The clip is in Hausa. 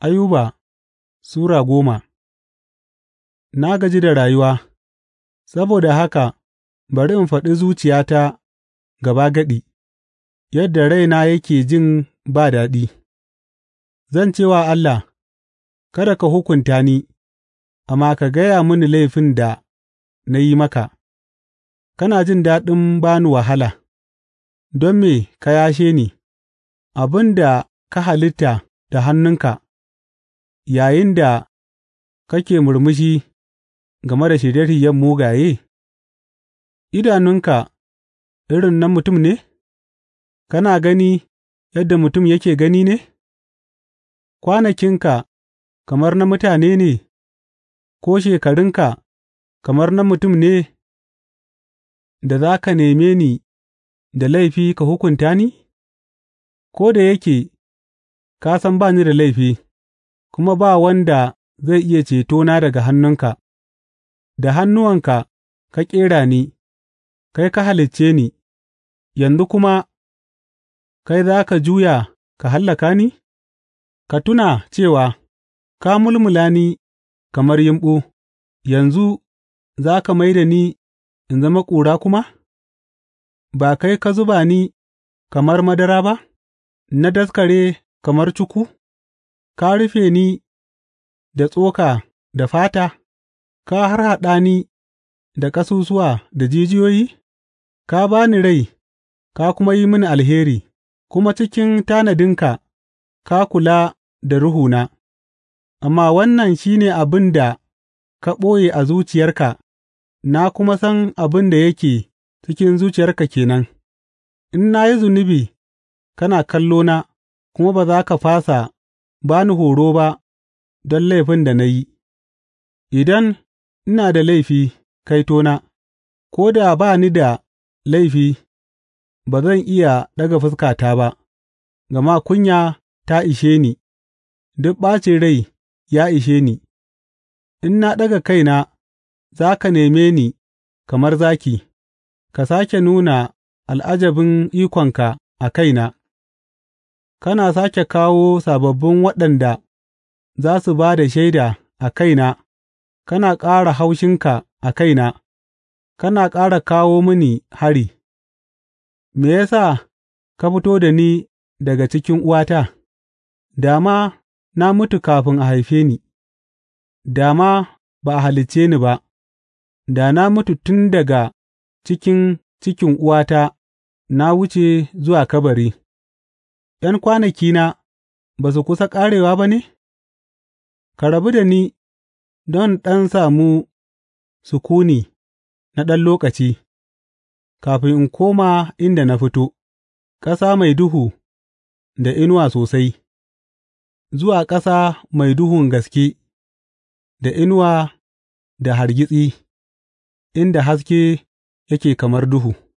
Ayuba Sura goma Na gaji da rayuwa, saboda haka bari in faɗi zuciyata gaɗi yadda raina yake jin ba daɗi; zan ce wa Allah, Kada ka hukunta ni, amma ka gaya mini laifin da na yi maka; kana jin daɗin ba ni wahala, don me ka yashe ni, abin da ka halitta da hannunka. Yayinda kake murmushi game da shirye shiryen mugaye, idanunka irin nan mutum ne, kana gani yadda mutum yake gani ne, kwanakinka kamar na mutane ne, ko shekarunka kamar na mutum ne da za ka neme ni da laifi ka hukunta ni, ko da yake ka san ba ni da laifi? kuma ba wanda zai iya cetona daga hannunka; da hannuwanka ka ƙera ni, kai ka halicce ni, yanzu kuma kai za ka juya ka hallaka ni? Ka tuna cewa ka mulmula ni kamar yumɓu, yanzu za ka mai da ni in zama ƙura kuma? Ba kai ka zuba ni kamar madara ba, na daskare kamar cuku? Ka rufe ni da tsoka da fata, ka harhaɗa ni da ƙasusuwa da jijiyoyi; ka ba ni rai ka kuma yi mini alheri, kuma cikin tanadinka ka kula da ruhuna, amma wannan shi ne abin da ka ɓoye a zuciyarka na kuma san abin da yake cikin zuciyarka kenan. nan; in na yi zunubi kana kallona kuma ba za ka fasa ba ni horo ba don laifin da na yi, idan ina da laifi, kaitona, ko da ba ni da laifi, ba zan iya ɗaga fuskata ba, gama kunya ta ishe ni, duk ɓacin rai ya ishe ni, in na ɗaga kaina, za ka neme ni kamar zaki, ka sake nuna al'ajabin ikonka a kaina. kana sāke kawo sababbin waɗanda za su ba da shaida a kaina, kana ƙara haushinka a kaina, kana ƙara kawo mini hari, me ya sa ka fito da ni daga cikin uwata, da ma na mutu kafin a haife ni, da ma ba a halicce ni ba, da na mutu tun daga cikin cikin uwata na wuce zuwa kabari. ’Yan kwanakina ba su kusa ƙarewa ba ne, ka rabu da ni don ɗan samu sukuni na ɗan lokaci, kafin in koma inda na fito, ƙasa mai duhu da inuwa sosai, zuwa ƙasa mai duhun gaske da inuwa da hargitsi, inda haske yake kamar duhu.